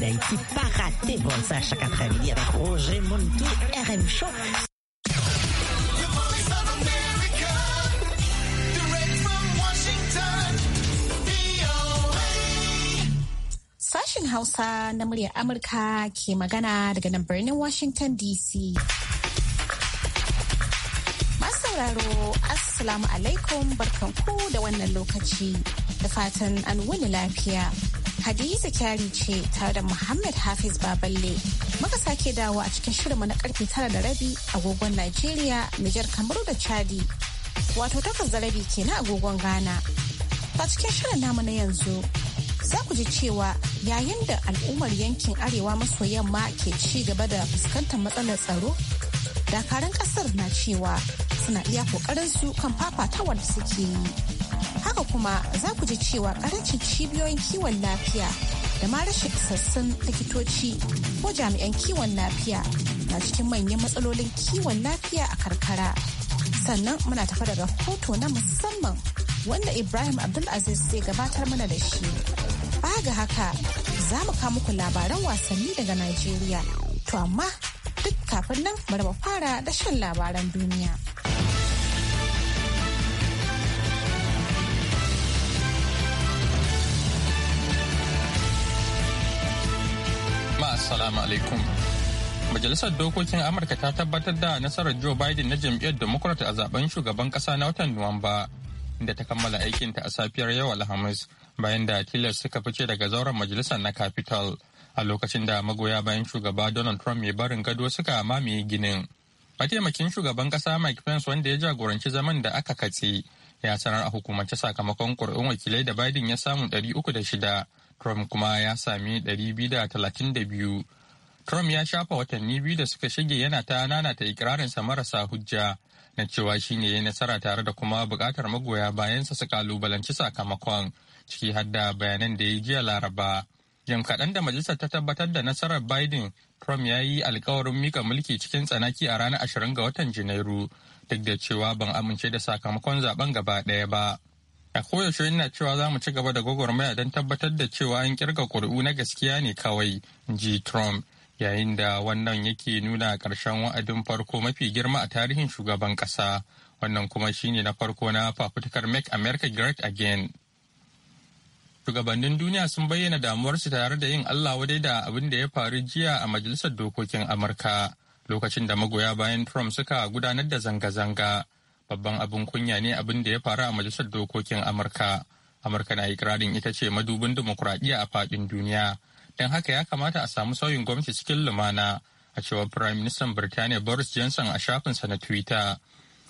Il a été bon ça, chaque après-midi avec Roger Montou, RM Show. Sashen Hausa na muryar Amurka ke magana daga nan birnin Washington DC. sauraro Assalamu alaikum barkanku da wannan lokaci da fatan an wani lafiya. Hadiza Kyari ce tare da Muhammad Hafiz Baballe. Muka sake dawo a cikin shirinmu na karfe tara da rabi agogon Najeriya, Nijar Kamaru da Chadi. Wato takwas da rabi kenan agogon Ghana. A cikin shirin namu na yanzu za ku ji cewa yayin da al'ummar yankin arewa maso yamma ke ci gaba da fuskantar matsalar tsaro dakarun kasar na cewa suna iya kokarin su kan fafatawar da suke yi Haka kuma za ku ji cewa karancin cibiyoyin kiwon lafiya da ma rashin isassun likitoci ko jami'an kiwon lafiya na cikin manyan matsalolin kiwon lafiya a karkara. Sannan muna tafa da rahoto na musamman wanda Ibrahim Abdulaziz zai gabatar mana da shi. Ba ga haka za mu kawo muku labaran wasanni daga Najeriya. To amma duk kafin nan bari mu fara da shan labaran duniya. Assalamu alaikum. Majalisar Dokokin Amurka ta tabbatar da nasarar Joe Biden na jam'iyyar Democrat a zaben shugaban kasa na watan Nuwamba, da ta kammala aikinta a safiyar yau Alhamis bayan da tilas suka fice daga zauren majalisar na Capitol a lokacin da magoya bayan shugaba Donald Trump mai barin gado suka mamaye ginin. Mataimakin shugaban kasa Mike Pence wanda ya jagoranci zaman da aka katse ya sanar a hukumance sakamakon ƙuri'un wakilai da Biden ya samu 306 Trump kuma ya sami 232. Trump ya shafa watanni biyu da suka shige yana ta nanata ikirarinsa marasa hujja na cewa shine ne ya nasara tare da kuma bukatar magoya bayansa su kalubalanci sakamakon ciki har da bayanan da ya jiya laraba. Jim kaɗan da majalisar ta tabbatar da nasarar Biden, Trump ya yi alkawarin mika mulki cikin tsanaki a ranar 20 ga watan Janairu, duk da cewa ban amince da sakamakon zaben gaba ɗaya ba. a koyaushe ina cewa za mu ci gaba da gwagwarmaya don tabbatar da cewa an kirga kuri'u na gaskiya ne kawai ji trump yayin da wannan yake nuna ƙarshen wa'adin farko mafi girma a tarihin shugaban ƙasa wannan kuma shine na farko na fafutukar make america great again shugabannin duniya sun bayyana damuwarsu tare da yin allah wadai da abin da ya faru jiya a majalisar dokokin amurka lokacin da magoya bayan trump suka gudanar da zanga-zanga babban abin kunya ne abin da ya faru a majalisar dokokin amurka amurka na ikirarin ita ce madubin dimokuraɗiyya a faɗin duniya don haka ya kamata a samu sauyin gwamnati cikin lumana a cewar firayim ministan birtaniya boris johnson a shafinsa na twitter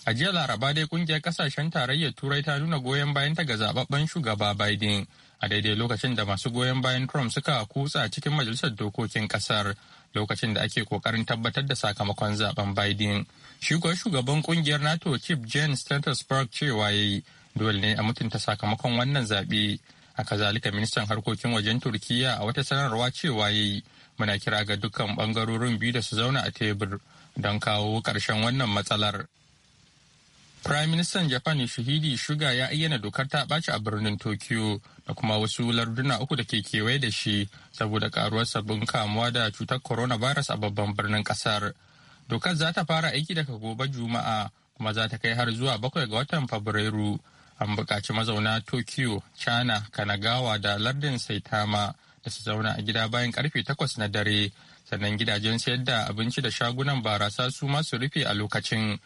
a jiya laraba dai kungiyar kasashen tarayyar turai ta nuna goyon bayan ta ga zababben shugaba biden a daidai lokacin da masu goyon bayan trump suka kutsa cikin majalisar dokokin kasar lokacin da ake kokarin tabbatar da sakamakon zaben biden Shi kuwa shugaban kungiyar NATO Chief Jane Stoltenberg cewa ya yi dole ne a mutunta sakamakon wannan zaɓe. A kazalika ministan harkokin wajen Turkiyya a wata sanarwa cewa ya yi muna kira ga dukkan bangarorin biyu da su zauna a tebur don kawo karshen wannan matsalar. Prime Minister Japan shahidi Shuga ya ayyana dokar ta ɓaci a birnin Tokyo da kuma wasu larduna uku da ke kewaye da shi saboda karuwar sabbin kamuwa da cutar coronavirus a babban birnin kasar. Dokar za ta fara aiki daga gobe Juma'a kuma za ta kai har zuwa bakwai ga watan Fabrairu. An buƙaci mazauna Tokyo, China, Kanagawa da lardin Saitama da su zauna a gida bayan karfe takwas na dare. Sannan gidajen sayar da abinci da shagunan barasa su masu rufe a lokacin.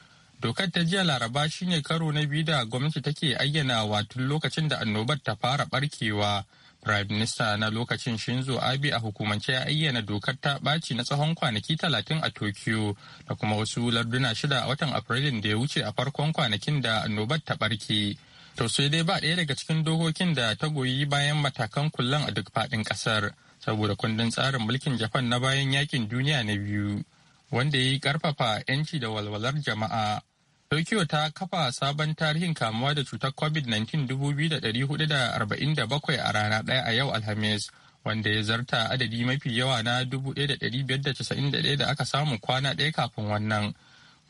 Dokar ta jiya Laraba shine karo na biyu da gwamnati take ayyana tun lokacin da annobar ta fara barkewa. Prime Minister na lokacin Shinzo Abe a hukumance ya ayyana dokar ta ɓaci na tsawon kwanaki talatin a Tokyo da kuma wasu larduna shida a watan Afrilun da ya wuce a farkon kwanakin da annobar ta ɓarke. To sai dai ba ɗaya daga cikin dokokin da ta goyi bayan matakan kullan a duk faɗin ƙasar saboda kundin tsarin mulkin Japan na bayan yakin duniya na biyu wanda ya yi ƙarfafa 'yanci da walwalar jama'a. Tokyo ta kafa sabon tarihin kamuwa da cutar COVID-19 2,447 a rana ɗaya a yau Alhamis, wanda ya zarta adadi mafi yawa na 1,591 da aka samu kwana ɗaya kafin wannan.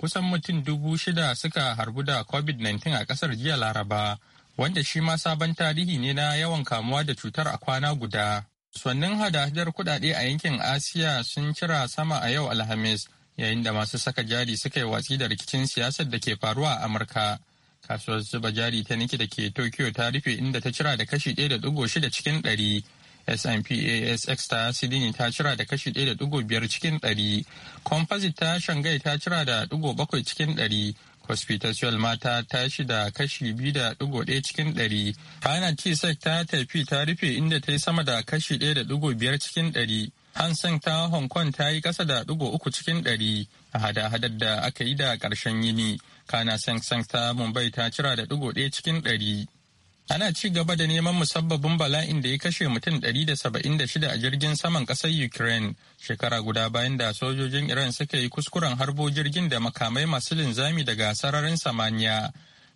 Kusan mutum dubu shida suka harbu da COVID-19 a ƙasar jiya Laraba, wanda shi ma sabon tarihi ne na yawan kamuwa da cutar a kwana guda. Sannan hada-hadar kuɗaɗe a yankin Asiya sun cira sama a yau Alhamis. yayin da masu saka jari suka yi watsi da rikicin siyasar da ke faruwa a Amurka. Kasuwar zuba jari ta niki da ke Tokyo ta rufe inda ta cira da kashi 1.6 cikin 100. S&P ta Sydney ta cira da kashi 1.5 cikin 100. Composite ta Shanghai ta cira da bakwai cikin 100. mata ta shi ma ta tashi da kashi 2.1 cikin 100. final T-Sec ta tafi ta rufe inda ta yi sama da kashi 1.5 cikin ɗari. Hang ta Hong Kong ta yi kasa da ɗigo uku cikin ɗari a hada-hadar da aka yi da ƙarshen yini. Kana Seng Seng ta Mumbai ta cira da ɗigo ɗaya cikin ɗari. Ana ci gaba da neman musabbabin bala'in da ya kashe mutum 176 a jirgin saman ƙasar Ukraine shekara guda bayan da sojojin Iran suka yi kuskuren harbo jirgin da makamai masu linzami daga sararin samaniya.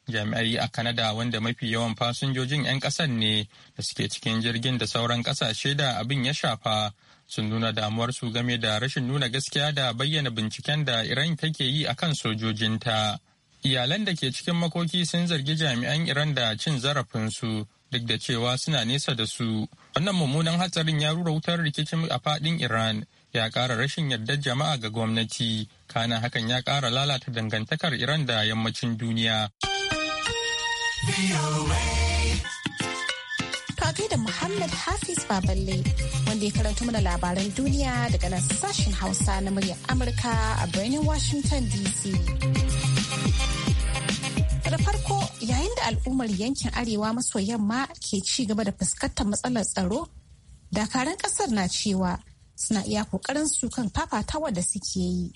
jami'ai a Kanada wanda mafi yawan fasinjojin 'yan ƙasar ne da suke cikin jirgin da sauran ƙasashe da abin ya shafa sun nuna damuwar su game da rashin nuna gaskiya da bayyana binciken da Iran take yi a kan sojojinta. Iyalan da ke cikin makoki sun zargi jami'an Iran da cin zarafinsu duk da cewa suna nesa da su. Wannan mummunan hatsarin ya rura wutar rikicin a fadin Iran ya ƙara rashin yardar jama'a ga gwamnati, kana hakan ya ƙara lalata dangantakar Iran da yammacin duniya. kai da Muhammad Hafiz Baballe wanda ya karanta mana labaran duniya daga nan sashen Hausa na muryar Amurka a birnin Washington DC. Da farko yayin da al'ummar yankin Arewa maso yamma ke ci gaba da fuskantar matsalar tsaro, dakaran kasar na cewa suna iya kokarin su kan fafatawa da suke yi.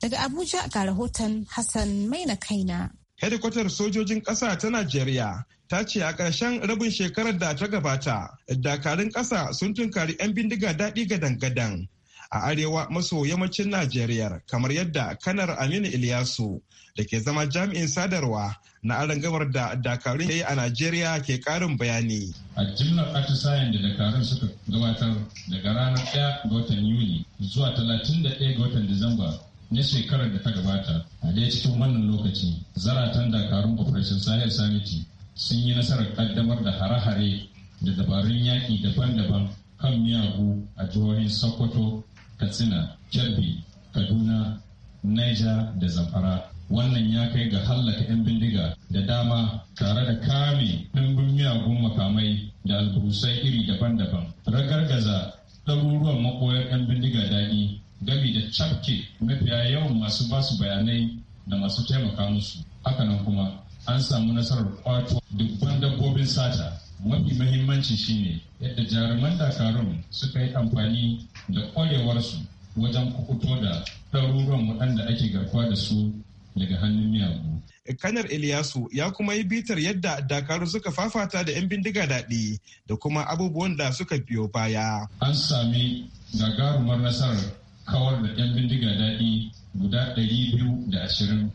Daga Abuja ga rahoton Hassan Maina Kaina. hedikwatar sojojin ƙasa ta najeriya ta ce a ƙarshen rabin shekarar da ta gabata dakarun ƙasa sun tunkari 'yan bindiga daɗi gadan-gadan a arewa maso yammacin najeriya kamar yadda kanar aminu iliyasu da ke zama jami'in sadarwa na gabar da dakarun ya yi a najeriya ke ƙarin bayani a jimlar atisayen da dakarun suka gabatar daga ranar 1 ga watan yuni zuwa 31 ga watan disamba na shekarar da ta gabata a daya cikin wannan lokaci zaratan dakarun operation sahel samiti sun yi nasarar kaddamar da hare-hare da dabarun yaƙi daban-daban kan miyagu a jihohin sokoto katsina kirby kaduna niger da zamfara wannan ya kai ga hallaka 'yan bindiga da dama tare da kame ɗimbin miyagun makamai da alburusai iri daban-daban ragargaza ɗaruruwan makoyar 'yan bindiga daɗi gami da cafke mafiya yawan masu basu bayanai da masu taimaka musu hakanan kuma an samu nasarar kwato dubban dabbobin sata mafi mahimmanci shine yadda jaruman dakarun suka yi amfani da kwarewarsu wajen kukuto da ɗaruruwan waɗanda ake garkuwa da su daga hannun miyagu. Kanar Iliyasu ya kuma yi bitar yadda dakaru suka fafata da 'yan bindiga daɗi da kuma abubuwan da suka biyo baya. An sami gagarumar nasarar kawar da 'yan bindiga daɗi guda 220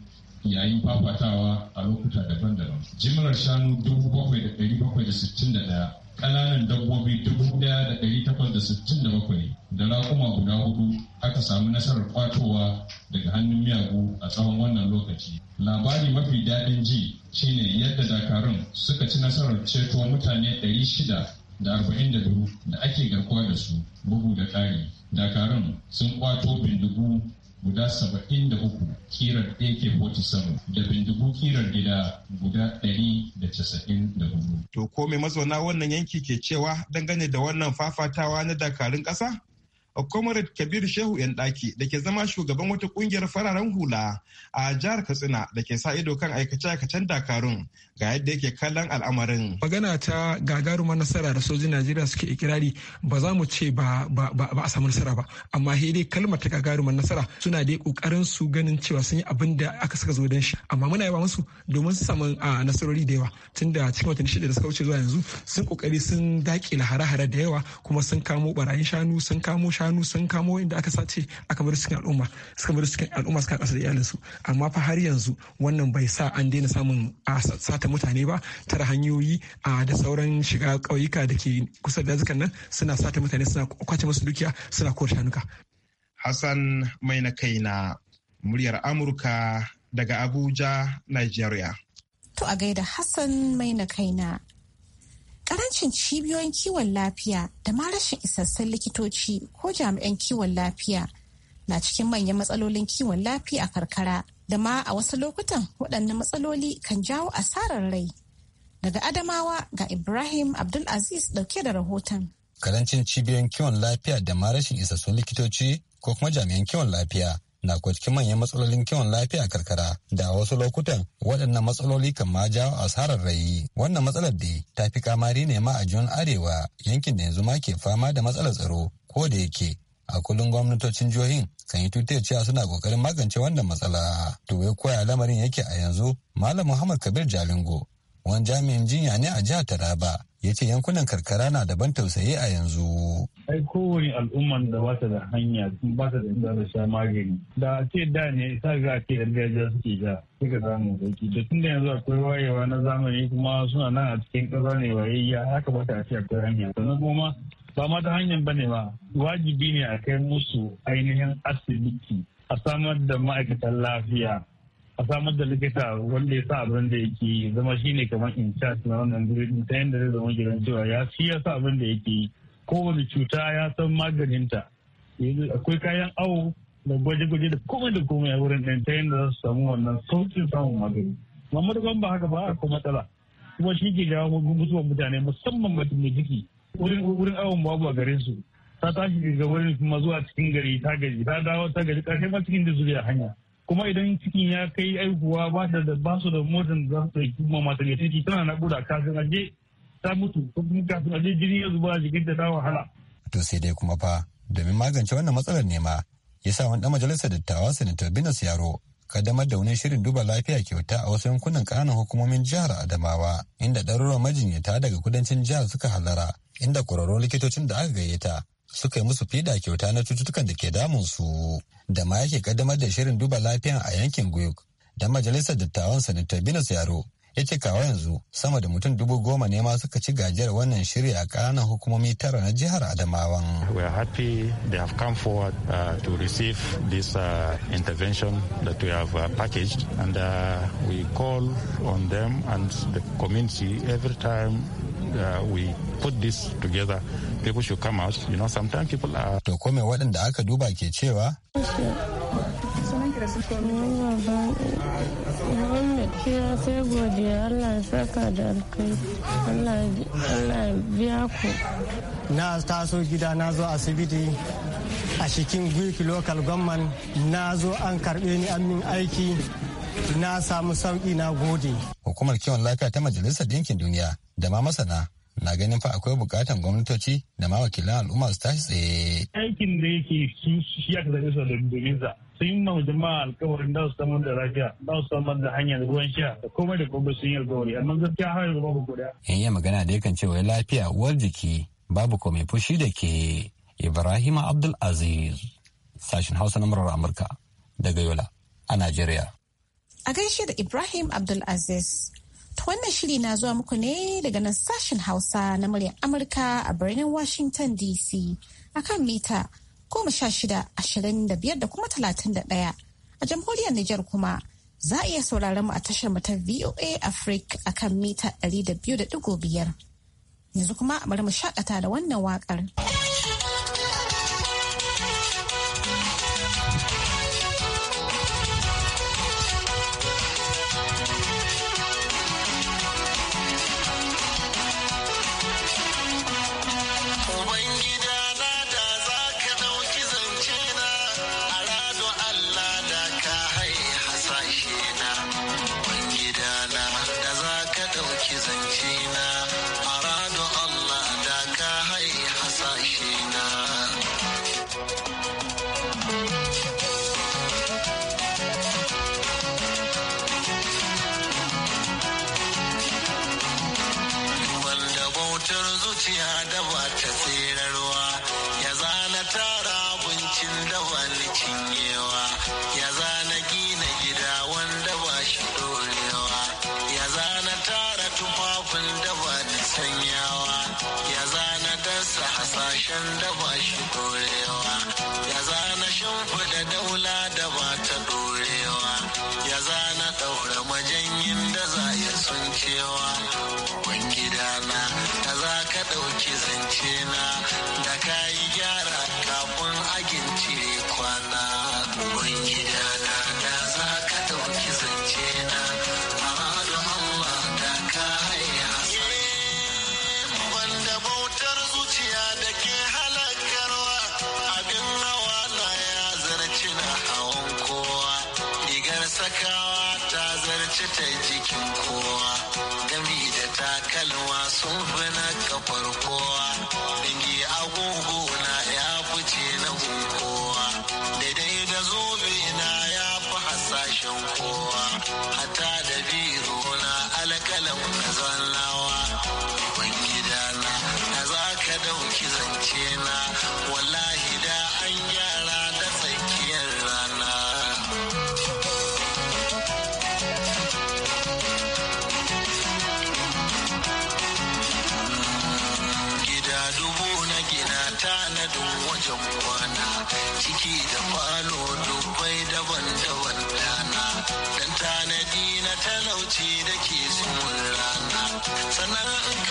yayin fafatawa a lokuta daban-daban. Jimlar shanu 7,761, ƙananan dabbobi 1,867 da raƙuma guda hudu aka samu nasarar kwatowa daga hannun miyagu a tsawon wannan lokaci. Labari mafi daɗin ji shine yadda dakarun suka ci nasarar ceto mutane 600 da arba'in da dubu da ake garkuwa da su bugu da ƙari dakarun sun kwato bindigu guda saba'in da uku ak-47 da bindigu kiran gida guda ɗari da casa'in da hudu. to ko mai mazauna wannan yanki ke cewa dangane da wannan fafatawa na dakarun ƙasa? Comrade Kabir Shehu yan daki da ke zama shugaban wata kungiyar fararen hula a jihar Katsina da ke sa ido kan aikace-aikacen Dakarun ga yadda yake kallon al'amarin. Magana ta gagarumar nasara da sojin Najeriya suke ikirari ba za mu ce ba a samu nasara ba amma he dai kalmar ta gagarumar nasara suna dai kokarin su ganin cewa sun yi abin da aka saka zo don shi amma muna yaba musu domin su samu nasarori da yawa tunda cikin watanni shida da suka wuce zuwa yanzu sun kokari sun dakile hare-hare da yawa kuma sun kamo barayin shanu sun kamo shanu shanu sun kamo inda aka sace aka bar cikin al'umma suka bar cikin al'umma suka kasa da iyalinsu amma fa har yanzu wannan bai sa an daina samun a sata mutane ba tara hanyoyi a da sauran shiga kauyuka da ke kusa da dazukan nan suna sata mutane suna kwace musu dukiya suna kore shanuka. Hassan mai na kai na muryar Amurka daga Abuja, Nigeria. To a gaida Hassan mai na kaina. Karancin cibiyoyin kiwon lafiya da ma rashin isassun likitoci ko jami'an kiwon lafiya na cikin manyan matsalolin kiwon lafiya a karkara da ma a wasu lokutan waɗannan matsaloli kan jawo asarar rai. Daga Adamawa ga Ibrahim Abdulaziz ɗauke da rahoton. Karancin cibiyoyin kiwon lafiya da ma rashin isassun likitoci ko kuma jami'an kiwon lafiya na cikin manyan matsalolin kiwon lafiya karkara da a wasu lokutan waɗannan matsaloli kan ma jawo asarar rayi wannan matsalar da ta fi kamari ne ma a jihar arewa yankin da yanzu ma ke fama da matsalar tsaro ko da yake a kullum gwamnatocin jihohin kan yi tutiyar cewa suna kokarin magance wannan matsala to ya koya lamarin yake a yanzu malam muhammad kabir jalingo wani jami'in jinya ne a jihar taraba ya ce yankunan karkara na daban tausayi a yanzu. Ai kowane al'umman da ba ta da hanya ba ta da inda da sha magani. Da a ce da ne sa ga ce gargajiya suke ja suka samu sauki. Da tun da yanzu akwai wayewa na zamani kuma suna nan a cikin ƙasa ne wayayya haka ba ta a ce hanya. Sannan kuma ba ma ta hanyar ba ne ba wajibi ne a kai musu ainihin asibiti a samar da ma'aikatan lafiya a samar da likita wanda ya sa abin da yake zama shi ne kamar in charge na wannan gurin ta yadda zai zama gidan cewa ya shi ya sa abin da yake kowane cuta ya san maganinta akwai kayan awo da gwaje-gwaje da komai da komai a wurin ɗin ta yadda za su samu wannan sauƙin samun magani amma ban ba haka ba a kuma matsala kuma shi ke jawo mutuwan mutane musamman ba mai jiki wurin wurin awon babu a garin su ta tashi daga wurin kuma zuwa cikin gari ta gaji ta dawo ta gaji ƙarshe ma cikin da zuriya hanya kuma idan cikin ya kai aihuwa ba da ba su da motan za su yi kuma mata ne tana na guda kafin aje ta mutu kuma kafin aje jini ya zuba jikin da ta wahala. To sai dai kuma fa domin magance wannan matsalar ne ma ya sa wani ɗan majalisar dattawa Sanatar Binas Yaro kaddamar da wani shirin duba lafiya kyauta a wasu yankunan kananan hukumomin jihar Adamawa inda ɗaruruwan majinyata daga kudancin jihar suka halara inda kwararrun likitocin da aka gayyata suka yi musu fida kyauta na cututtukan da ke damun su da ma yake kaddamar da shirin duba lafiya a yankin Guyuk da majalisar dattawan sanata Binus Yaro ya ce kawo yanzu sama da mutum dubu goma ne ma suka ci gajiyar wannan shiri a ƙananan hukumomi tara na jihar Adamawan. We are happy they have come forward uh, to receive this uh, intervention that we have uh, packaged and uh, we call on them and the community every time uh, we put this together people should come out you know sometimes people are to kome wadanda aka duba ke cewa sai godiya Allah na taso gida na zo asibiti a cikin gwiki local government na zo an karbe ni an min aiki na samu sauki na gode. Hukumar kiwon lafiya ta Majalisar Dinkin Duniya da ma masana na ganin fa akwai bukatan gwamnatoci da ma wakilan al'umma su tashi tsaye. Aikin da yake su shi aka zaɓe su da domin sa. Sun yi ma jama'a alkawarin da su samar da lafiya, da su samar da hanyar ruwan sha, da komai da komai sun yi alkawari, amma gaskiya har yanzu babu guda. In yi magana da yakan ce wai lafiya uwar jiki babu komai fushi da ke Ibrahim Abdul Aziz. Sashen Hausa na murar Amurka daga Yola a Najeriya. a gaishe da Ibrahim Abdulaziz. Ta wannan shiri na zuwa muku ne daga nan sashen Hausa na muryar Amurka a birnin Washington DC a kan mita goma sha shida ashirin da biyar da kuma talatin da ɗaya. A jamhuriyar Nijar kuma za a iya sauraron mu a tashar mu ta VOA Africa a kan mita ɗari da biyu da ɗigo biyar. Yanzu kuma a bari mu shakata da wannan waƙar. kism, she mace ta jikin kowa gami da takalma sun fi na kafar kowa dangi agogo na yawa wajen kwana ciki da falo dubbai daban-daban dana dan tanadi na talauci da ke sun rana sannan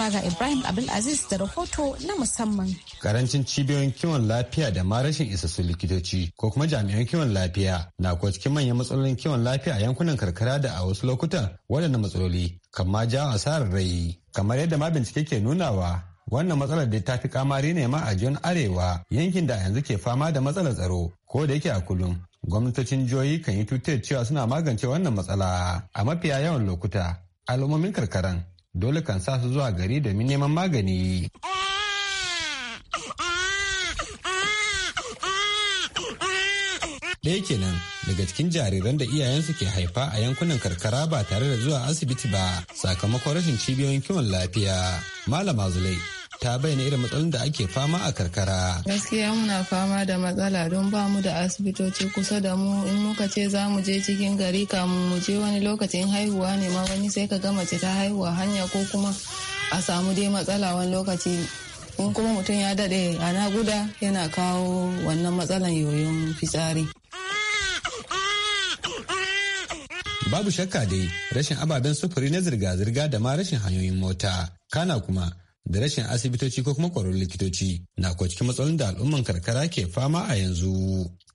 kuma ga Ibrahim Aziz da rahoto na musamman. Karancin cibiyoyin kiwon lafiya da ma rashin isassun likitoci ko kuma jami'an kiwon lafiya na kuwa cikin manyan matsalolin kiwon lafiya a yankunan karkara da a wasu lokutan waɗannan matsaloli kan ma jawo asarar rai. Kamar yadda ma bincike ke nunawa wannan matsalar da ta fi kamari ne ma a jiyon arewa yankin da yanzu ke fama da matsalar tsaro ko da yake a kullum gwamnatocin jihohi kan yi tutar cewa suna magance wannan matsala a mafiya yawan lokuta al'ummomin karkaran dole kan sa su zuwa gari domin neman magani. Ɗaya kenan daga cikin jariran da iyayensu ke haifa a yankunan karkara ba tare da zuwa asibiti ba sakamakon rashin cibiyoyin kiwon lafiya. Malama Zulai ta bayyana irin matsalolin da ake fama a karkara. Gaskiya muna fama da matsala don ba mu da asibitoci kusa da mu in muka ce za mu je cikin gari kamun mu je wani lokacin haihuwa ne ma wani sai ka ga mace ta haihuwa hanya ko kuma a samu dai matsala wani lokaci in kuma mutum ya daɗe a naguda yana kawo wannan matsalan yoyon fitsari. Babu shakka dai rashin ababen sufuri na zirga-zirga da ma rashin hanyoyin mota. Kana kuma da rashin asibitoci ko kuma kwaron likitoci na ko cikin matsalolin da al'umman karkara ke fama a yanzu.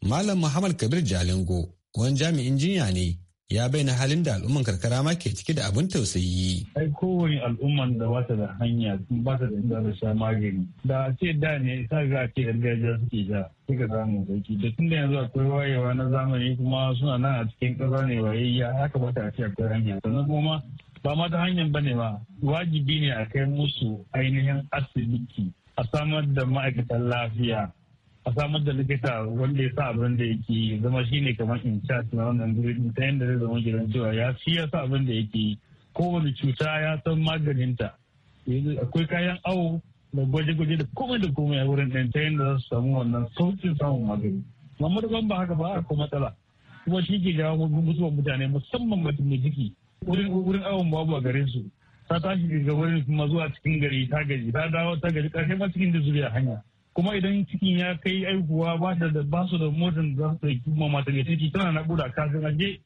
Malam Muhammad Kabir Jalingo, wani jami'in jinya ne, ya bayyana halin da al'umman karkara ma ke ciki da abin tausayi. Ai kowane al'umman da ba da hanya ba ta da inda da sha magani. Da a ce da ne sa ga ce gargajiya suke ja suka samu sauki. Da tun da yanzu akwai wayewa na zamani kuma suna nan a cikin ƙasa ne wayayya haka ba ta ce akwai hanya. Sannan kuma ba ma ta hanyar bane ba wajibi ne a kai musu ainihin asibiti a samar da ma'aikatan lafiya a samar da likita wanda ya sa abin da yake zama shine kamar in charge na wannan gurin ta yadda zai zama gidan cewa ya fi ya sa abin da yake kowane cuta ya san maganinta akwai kayan awo da gwaje-gwaje da komai da komai a wurin ɗan ta yadda za su samu wannan sauƙin samun magani Mamadu da ba haka ba a kuma matsala kuma shi ke jawo mutuwar mutane musamman mutum mai jiki wurin awon babu a gare su ta tashi daga wurin kuma zuwa cikin gari ta gaji ta dawo ta gaji karshe ma cikin da zuriya hanya kuma idan cikin ya kai aihuwa ba da ba su da motan za su ɗauki kuma mata ne tana na buɗa kafin aje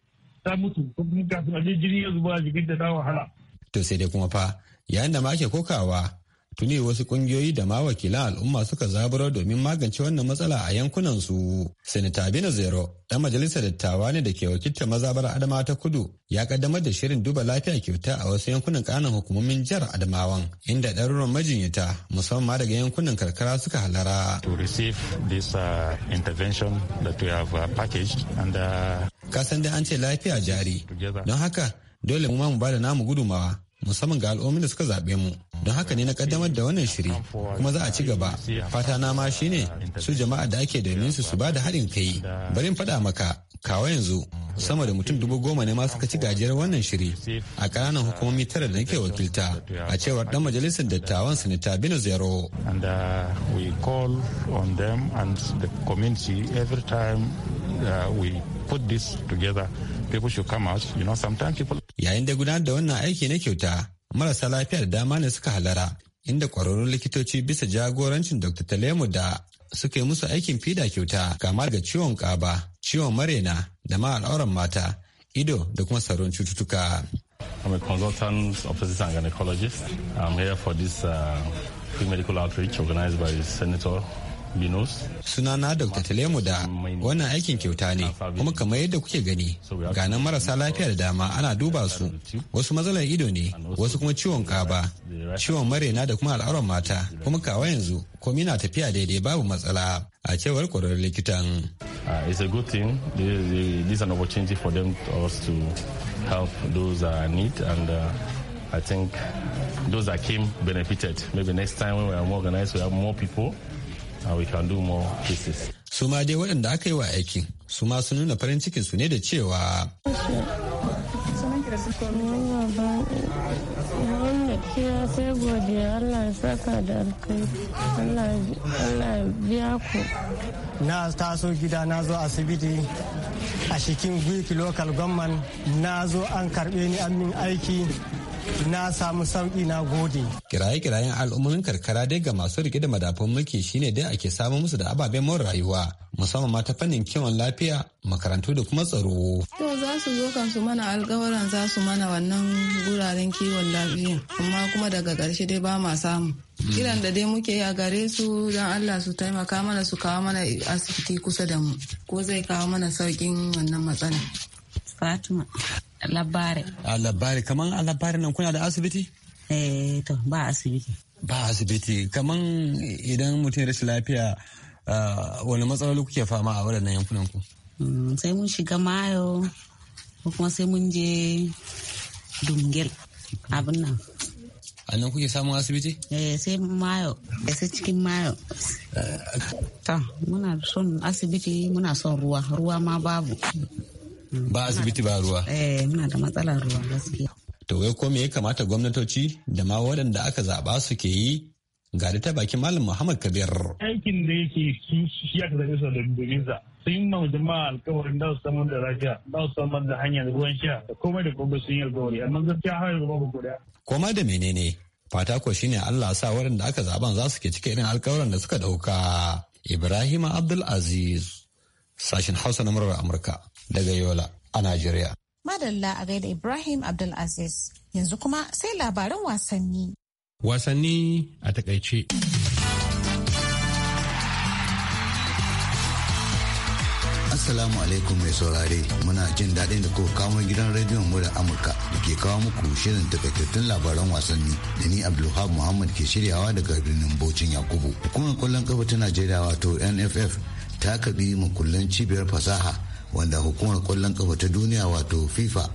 ta mutu kafin aje jini ya zuba jikin da ta wahala. to sai dai kuma fa yayin da ma ake kokawa tuni wasu kungiyoyi da ma al'umma suka zaburo domin magance wannan matsala a yankunan su. Sanita Bino Zero, ɗan majalisar dattawa ne da ke wakilta mazabar Adama ta Kudu, ya kaddamar da shirin duba lafiya kyauta a wasu yankunan ƙananan hukumomin jihar Adamawan, inda ɗaruran majinyata musamman daga yankunan karkara suka halara. To receive this uh, intervention that we have uh, packaged under... Uh, Kasan da an ce lafiya jari, don haka dole mu ba mu bada namu gudumawa musamman ga al'ummar da suka zaɓe mu. don haka ne na kaddamar da wannan shiri kuma za a ci gaba fata na ma shine su jama'a da ake domin su su ba da haɗin kai barin faɗa maka kawo yanzu sama da mutum dubu goma ne masu kaci gajiyar wannan shiri a ƙananan hukumomi tara da nake wakilta a cewar dan majalisar dattawan sanita bino zero and uh, uh, yayin da gudanar da wannan aiki na kyauta marasa lafiyar dama ne suka halara inda kwararrun likitoci bisa jagorancin dr talemu da suka yi musu aikin fida kyauta kama daga ciwon kaba ciwon marena da ma al'auran mata ido da kuma sauran cututtuka I'm a consultant obstetrician and gynecologist. I'm here for this uh, free medical outreach organized by Senator Linus. Sunana Dr. Talemu da wannan aikin kyauta ne kuma kamar yadda kuke gani ganin marasa lafiya da dama ana duba su wasu matsalar ido ne wasu kuma ciwon kaba ciwon marena da kuma al'auran mata kuma kawa yanzu komi na tafiya daidai babu matsala a cewar kwarar likitan. Uh, it's a good thing this is an opportunity for them to, us to help those that uh, need and uh, I think those that came benefited. Maybe next time when we are more organized, we have more people. and we can do more cases. Su ma dai waɗanda aka yi wa aikin su ma sun nuna farin cikin su ne da cewa. Allah ya saka da Allah ya biya ku. Na taso gida na zo asibiti a cikin gwiki local government na zo an karbe ni an min aiki na samu sauki na gode. Kiraye-kirayen al'ummomin karkara dai ga masu rike da madafun mulki shine dai ake samu musu da ababen mun rayuwa musamman ma ta fannin kiwon lafiya makarantu da kuma tsaro. To za su zo kan su mana alkawaran za su mana wannan guraren kiwon lafiya amma kuma daga ƙarshe dai ba ma samu. Hmm. kiran da dai muke yi a gare su don Allah su taimaka mana su kawo mana asibiti kusa da mu ko zai kawo mana saukin wannan matsala. Fatima. labare a labare kaman a labare nan kuna da asibiti eh to ba asibiti ba asibiti kaman idan mutum rashin lafiya wani matsaloli kuke fama a wadannan yankunan ku mm, sai mun shiga mayo ko kuma sai mun je dungel abin nan a nan kuke samun asibiti? eh sai mayo da eh, sai cikin mayo eh, ta muna son asibiti muna son ruwa ruwa ma babu ba asibiti ba ruwa eh muna da matsalar ruwa gaskiya to wai ko me ya kamata gwamnatoci da ma waɗanda aka zaba su ke yi gari ta baki malam muhammad kabir aikin da yake shi ya kasance su da domin sun ma jama'a alkawarin da su samar da lafiya da su samar da hanyar ruwan sha da komai da komai sun yi alkawari amma gaskiya har yanzu babu guda koma da menene fata ko shine Allah sa waɗanda aka zaban za su ke cika irin alƙawarin da suka ɗauka Ibrahim Abdul Aziz Sashen Hausa na murar Amurka daga Yola a Najeriya. Madalla a gaida Ibrahim Abdulaziz. Yanzu kuma sai labaran wasanni. Wasanni a takaice. Assalamu alaikum mai saurare muna jin daɗin da kuka kawo gidan rediyon murar Amurka da ke kawo muku shirin takaitattun labaran wasanni da ni Abdulhab Muhammad ke shiryawa daga birnin Bocin Yakubu. Hukumar kwallon kafa ta Najeriya wato NFF ta kabi makullan cibiyar fasaha wanda hukumar kwallon kafa ta duniya wato fifa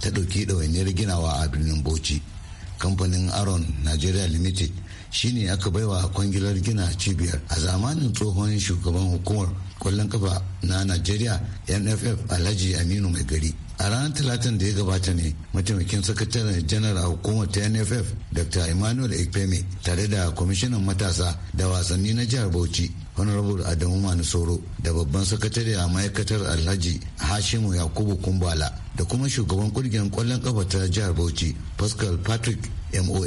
ta ɗauki ɗawainiyar ginawa a birnin bauchi kamfanin aron nigeria limited shine aka baiwa kwangilar gina cibiyar a zamanin tsohon shugaban hukumar kwallon kafa na nigeria nff alhaji aminu mai gari a ranar talatin da ya gabata ne mataimakin sakataren janar a hukumar ta nff dr emmanuel ekpeme tare da kwamishinan matasa da wasanni na jihar bauchi honorable adamu mani soro da babban sakatare a ma'aikatar alhaji hashimu yakubu kumbala da kuma shugaban kungiyar kwallon kafa ta jihar bauchi pascal patrick mon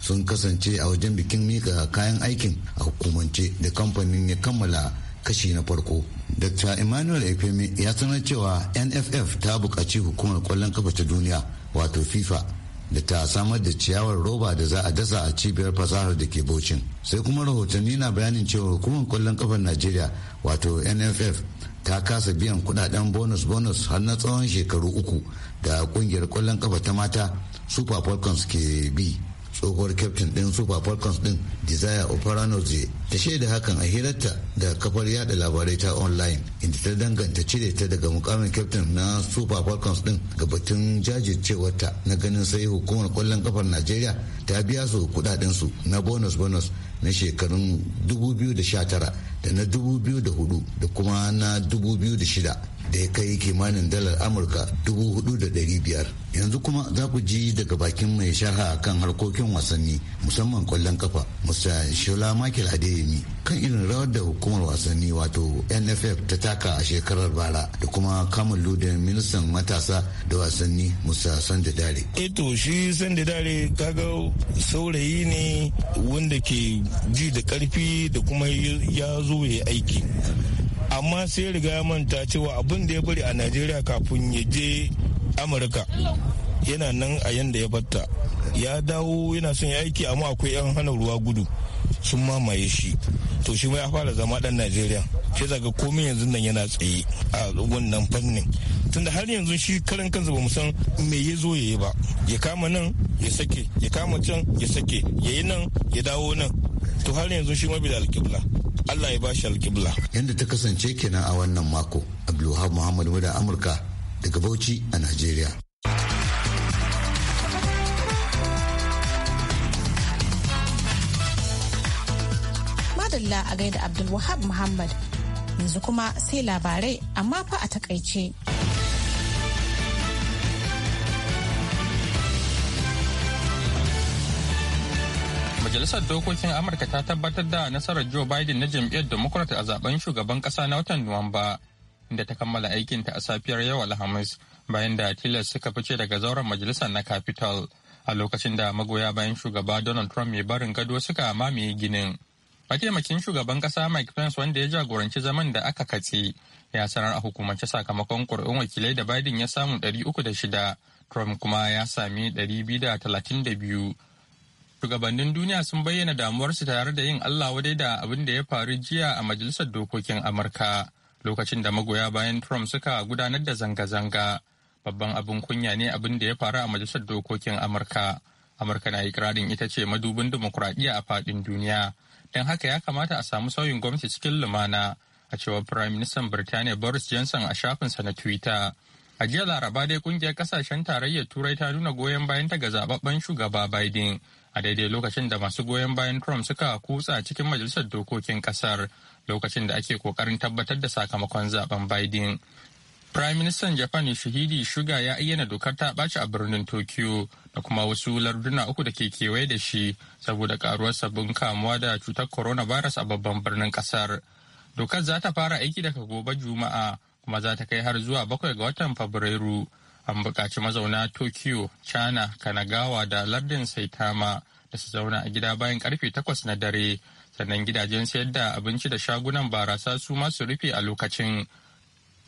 sun kasance a wajen bikin mika kayan aikin a hukumance da kamfanin ya kammala kashi na farko dr emmanuel efemi ya sanar cewa nff ta buƙaci hukumar kwallon kafa ta duniya wato fifa da ta samar da ciyawar roba da za a dasa a cibiyar fasahar da ke bocin sai kuma rahotanni na bayanin cewa hukumar kwallon kafar najeriya wato nff ta kasa biyan kudaden bonus bonus har na tsawon shekaru uku da kungiyar kwallon kafa ta mata super falcons ke bi tsohuwar kyaftin ɗin super falcons ɗin desire operanoze ta shaida hakan a hirarta da kafar yada labarai ta online inda ta danganta cire ta daga mukamin kyaftin na super falcons ɗin ga batun jajircewarta na ganin sai hukumar kwallon kafar nigeria ta biya su kudaden su na bonus bonus na shekarun 2019 da na 2004 da kuma na 2006 da ya kai kimanin dalar amurka dubu hudu biyar yanzu kuma za ku ji daga bakin mai sharha kan harkokin wasanni musamman kwallon kafa musa shola michael adeyemi kan irin rawar da hukumar wasanni wato nff ta taka a shekarar bara da kuma kamun ludin ministan matasa da wasanni musa sanda dare eto eh shi sanda dare kaga saurayi ne wanda ke ji da karfi da kuma ya zo ya aiki amma sai riga ya manta cewa abin da ya bari a najeriya kafin ya je amurka yana nan a yanda ya batta ya dawo yana son ya aiki amma akwai 'yan hana ruwa gudu sun mamaye shi to shi ma ya fara zama dan najeriya sai zaga komai yanzu nan yana tsaye a wannan fannin tunda har yanzu shi karan kansa ba san me ya zo yayi ba ya kama nan ya sake ya kama can ya sake ya yi nan ya dawo nan to har yanzu shi ma bi da alƙibla Allah ya bashi alkibla. Yadda ta kasance kenan a wannan mako, Abdulwahab Muhammad Muda Amurka daga Bauchi a Najeriya. Madalla a gaida Abdulwahab Muhammad yanzu kuma sai labarai amma fa a takaice. Majalisar Dokokin Amurka ta tabbatar da nasarar Joe Biden na jam'iyyar Democrat a zaben shugaban ƙasa na watan Nuwamba, inda ta kammala aikinta a safiyar yau Alhamis bayan da tilas suka fice daga zauren majalisar na Capitol a lokacin da magoya bayan shugaba Donald Trump mai barin gado suka mamaye ginin. Mataimakin shugaban ƙasa Mike Pence wanda ya jagoranci zaman da aka katse ya sanar a hukumance sakamakon ƙuri'un wakilai da Biden ya samu 306, Trump kuma ya sami 232. shugabannin duniya sun bayyana damuwarsu tare da yin Allah wadai da abin da ya faru jiya a Majalisar Dokokin Amurka lokacin da magoya bayan Trump suka gudanar da zanga-zanga. Babban abin kunya ne abin da ya faru a Majalisar Dokokin Amurka. Amurka na ikirarin ita ce madubin dimokuraɗiyya a faɗin duniya. Don haka ya kamata a samu sauyin gwamnati cikin lumana, a cewar Firayim Ministan Birtaniya Boris Johnson a shafin sa na Twitter. A jiya Laraba dai kungiyar kasashen tarayyar Turai ta nuna goyon bayan ta ga zababben shugaba Biden a daidai lokacin da masu goyon bayan Trump suka kutsa cikin majalisar dokokin kasar lokacin da ake kokarin tabbatar da sakamakon zaben Biden. Prime Minister Japan Shihidi Shuga ya ayyana dokar ta ɓaci a birnin Tokyo da kuma wasu larduna uku da ke kewaye da shi saboda karuwar sabbin kamuwa da cutar coronavirus a babban birnin kasar. Dokar za ta fara aiki daga gobe Juma'a kuma za ta kai har zuwa bakwai ga watan Fabrairu. an buƙaci mazauna tokyo china kanagawa da lardin saitama da su zauna a gida bayan karfe takwas na dare sannan gidajen sayar da abinci da shagunan barasa su masu rufe a lokacin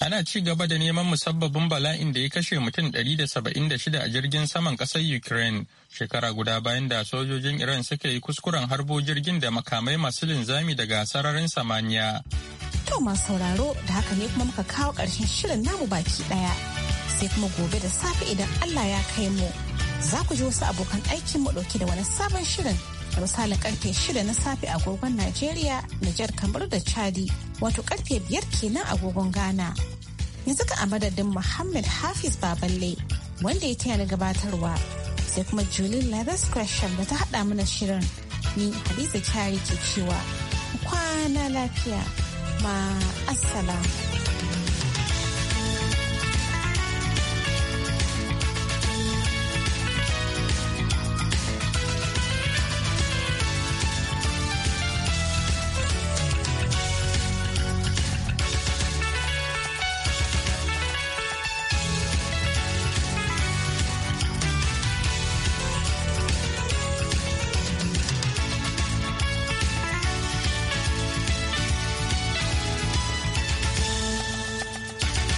ana ci gaba da neman musabbabin bala'in da ya kashe mutum 176 a jirgin saman ƙasar ukraine shekara guda bayan da sojojin iran suka yi kuskuren harbo jirgin da makamai masu linzami daga sararin samaniya to masu sauraro da haka ne kuma muka kawo ƙarshen shirin namu baki ɗaya sai kuma gobe da safe idan Allah ya kai mu za ku ji wasu abokan aikin mu dauke da wani sabon shirin da misalin karfe shida na safe a agogon Najeriya, Nijar kamar da Chadi wato karfe biyar kenan agogon Ghana. Yanzu ka a madadin Muhammad Hafiz Baballe wanda ya taya na gabatarwa sai kuma Julie Leathers Gresham da ta haɗa mana shirin ni Hadiza Kyari ke cewa kwana lafiya ma assalamu.